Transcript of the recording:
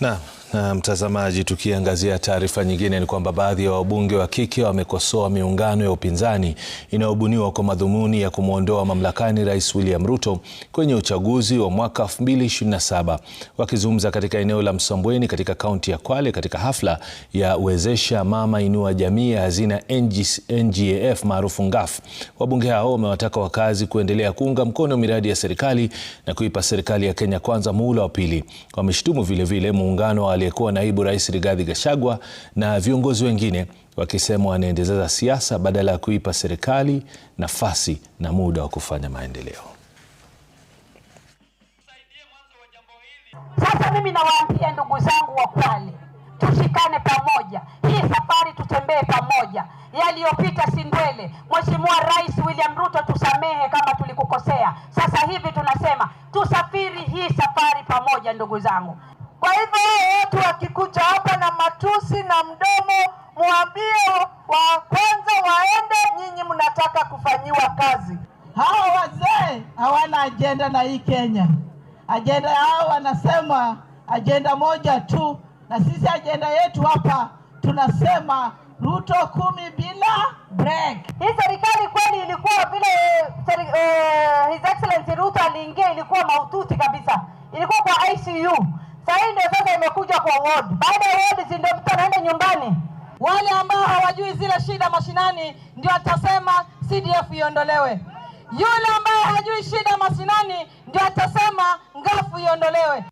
Não, Na mtazamaji, tukiangazia taarifa nyingine ni kwamba baadhi ya wabunge wa kike wamekosoa miungano ya upinzani inayobuniwa kwa madhumuni ya kumwondoa mamlakani Rais William Ruto kwenye uchaguzi wa mwaka 2027. Wakizungumza katika eneo la Msambweni katika kaunti ya Kwale katika hafla ya Wezesha Mama Inua Jamii ya Hazina NGAF maarufu ngaf wabunge hao wamewataka wakazi kuendelea kuunga mkono miradi ya serikali na kuipa serikali ya Kenya Kwanza muhula wa pili. Wameshtumu vilevile muungano wa aliyekuwa naibu rais Rigathi Gachagua na viongozi wengine wakisema wanaendeleza siasa badala ya kuipa serikali nafasi na muda wa kufanya maendeleo. Sasa mimi nawaambia ndugu zangu wa Kwale, tushikane pamoja, hii safari tutembee pamoja. Yaliyopita si ndwele. Mheshimiwa Rais William Ruto, tusamehe kama tulikukosea. Sasa hivi tunasema tusafiri hii safari pamoja, ndugu zangu. Kwa hivyo watu wakikuja hapa na matusi na mdomo, mwambie wa kwanza waende, nyinyi mnataka kufanyiwa kazi. Hawa wazee hawana ajenda na hii Kenya. Ajenda yao wanasema ajenda moja tu, na sisi ajenda yetu hapa tunasema Ruto kumi bila break. Hii serikali kweli ilikuwa vile uh, His Excellency Ruto aliingia, ilikuwa mahututi kabisa, ilikuwa kwa ICU Sahii ndio sasa imekuja kwa ward. Baada ya ward, ndio mtu anaenda nyumbani. Wale ambao hawajui zile shida mashinani ndio atasema CDF iondolewe. Yule ambaye hajui shida mashinani ndio atasema ngafu iondolewe.